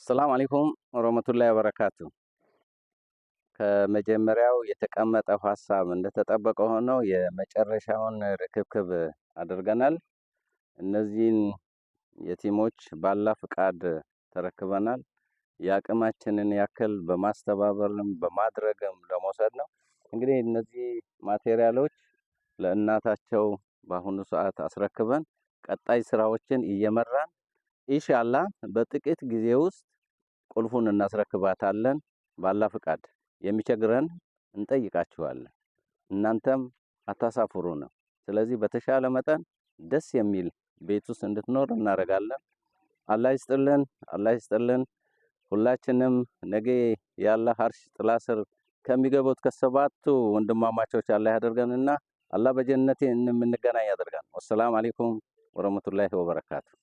አሰላሙ አለይኩም ወረህመቱላሂ ወበረካቱ። ከመጀመሪያው የተቀመጠው ሀሳብ እንደተጠበቀ ሆኖ የመጨረሻውን ርክብክብ አድርገናል። እነዚህን የቲሞች ባላ ፍቃድ ተረክበናል። የአቅማችንን ያክል በማስተባበርም በማድረግም ለመውሰድ ነው። እንግዲህ እነዚህ ማቴሪያሎች ለእናታቸው በአሁኑ ሰዓት አስረክበን ቀጣይ ስራዎችን እየመራን ኢንሻአላ በጥቂት ጊዜ ውስጥ ቁልፉን እናስረክባታለን። ባላ ፍቃድ የሚቸግረን እንጠይቃችኋለን። እናንተም አታሳፍሩ ነው። ስለዚህ በተሻለ መጠን ደስ የሚል ቤት ውስጥ እንድትኖር እናደርጋለን። አላህ ይስጥልን፣ አላህ ይስጥልን። ሁላችንም ነገ ያለ አርሽ ጥላ ስር ከሚገቡት ከሰባቱ ወንድማማቾች አላህ ያደርገንና አላህ በጀነት የምንገናኝ ያደርገን። ወሰላም አሌይኩም ወረህመቱላሂ ወበረካቱሁ።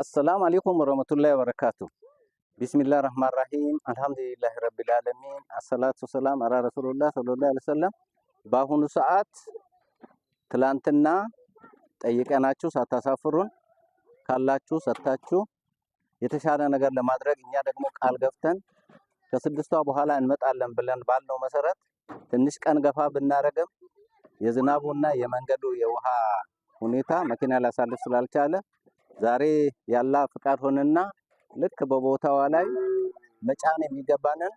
አሰላም አሌይኩም ወረህመቱላሂ ወበረካቱ ቢስሚላህ ረህማን ራሂም አልሐምዱሊላህ ረቢል አለሚን አሰላቱ ሰላም አላ ረሱሉላህ ሰለላሁ ዐለይሂ ወሰለም። በአሁኑ ሰዓት ትላንትና ጠይቀናችሁ ሳታሳፍሩን ካላችሁ ሰጥታችሁ የተሻለ ነገር ለማድረግ እኛ ደግሞ ቃል ገብተን ከስድስቷ በኋላ እንመጣለን ብለን ባለው መሰረት ትንሽ ቀን ገፋ ብናረግም የዝናቡና የመንገዱ የውሃ ሁኔታ መኪና ሊያሳልፍ ስላልቻለ ዛሬ ያላ ፍቃድ ሆነና ልክ በቦታዋ ላይ መጫን የሚገባንን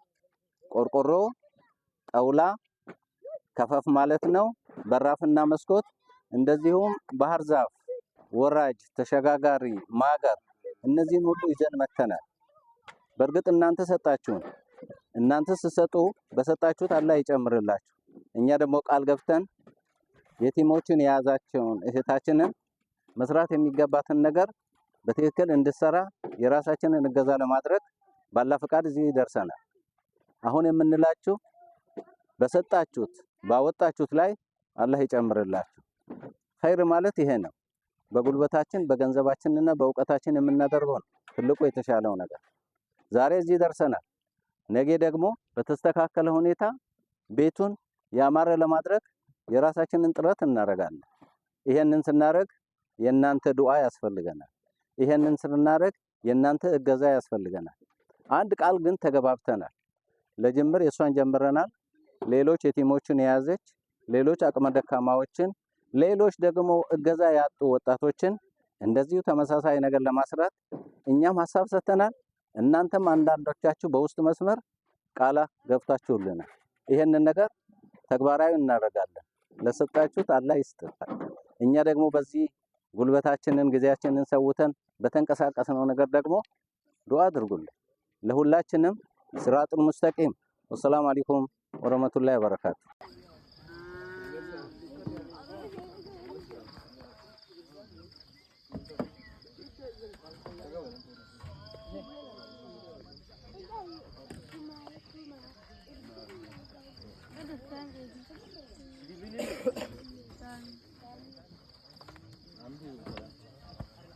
ቆርቆሮ፣ ጠውላ ከፈፍ ማለት ነው፣ በራፍና መስኮት እንደዚሁም ባህር ዛፍ፣ ወራጅ፣ ተሸጋጋሪ፣ ማገር እነዚህን ሁሉ ይዘን መተናል። በእርግጥ እናንተ ሰጣችሁን። እናንተ ስትሰጡ በሰጣችሁት አላህ ይጨምርላችሁ። እኛ ደግሞ ቃል ገብተን የቲሞችን የያዛቸውን እህታችንን መስራት የሚገባትን ነገር በትክክል እንድትሰራ የራሳችንን እገዛ ለማድረግ ባላ ፈቃድ እዚህ ደርሰናል። አሁን የምንላችሁ በሰጣችሁት ባወጣችሁት ላይ አላህ ይጨምርላችሁ። ኸይር ማለት ይሄ ነው። በጉልበታችን በገንዘባችንና በእውቀታችን የምናደርገው ነው ትልቁ የተሻለው ነገር። ዛሬ እዚህ ደርሰናል። ነገ ደግሞ በተስተካከለ ሁኔታ ቤቱን ያማረ ለማድረግ የራሳችንን ጥረት እናደርጋለን። ይሄንን ስናደርግ የእናንተ ዱዓ ያስፈልገናል። ይሄንን ስናደርግ የእናንተ እገዛ ያስፈልገናል። አንድ ቃል ግን ተገባብተናል። ለጅምር የእሷን ጀምረናል። ሌሎች የቲሞቹን የያዘች ሌሎች አቅመ ደካማዎችን ሌሎች ደግሞ እገዛ ያጡ ወጣቶችን እንደዚሁ ተመሳሳይ ነገር ለማስራት እኛም ሀሳብ ሰጥተናል። እናንተም አንዳንዶቻችሁ በውስጥ መስመር ቃላ ገብታችሁልናል። ይሄንን ነገር ተግባራዊ እናደርጋለን። ለሰጣችሁት አላህ ይስጥታል። እኛ ደግሞ በዚህ ጉልበታችንን ጊዜያችንን ሰውተን በተንቀሳቀስነው ነገር ደግሞ ዱዓ አድርጉልን ለሁላችንም ስራጡል ሙስተቂም። ወሰላም አለይኩም ወረህመቱላሂ ወበረካቱ። 안 비우는 거야?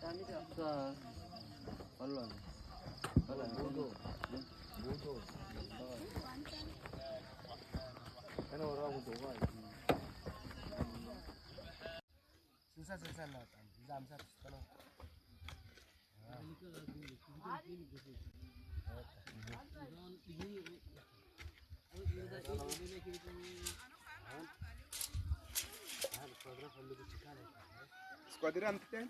아니죠. 자, 얼른. 얼른 모두. 모두. 해놓으라고 녹아. 진짜 진짜 나왔다. 이제 암사 비슷하나? 아, 그래, 벌레도 치카네. Squadrante, né?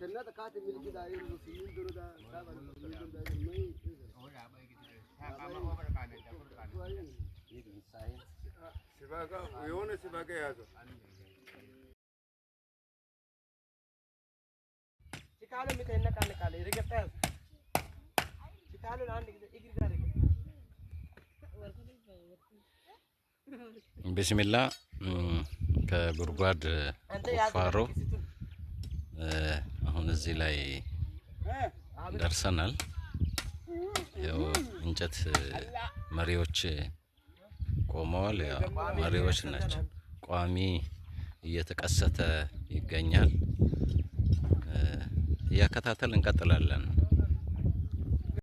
كنا تكاتي ملكي داير مسلمين دور دا تابع مسلمين دور دا ما يجوز. هو لا ما يجوز. ها ما هو بركان ده بركان. يجوز ساين. سباقة ويون سباقة يا زو. تكالو ميكا هنا كان كالي رجعت. تكالو لان رجعت. ቢስሚላ ከጉድጓድ ቁፋሮ አሁን እዚህ ላይ ደርሰናል። ያው እንጨት መሪዎች ቆመዋል። ያው መሪዎች ናቸው። ቋሚ እየተቀሰተ ይገኛል። እያከታተል እንቀጥላለን።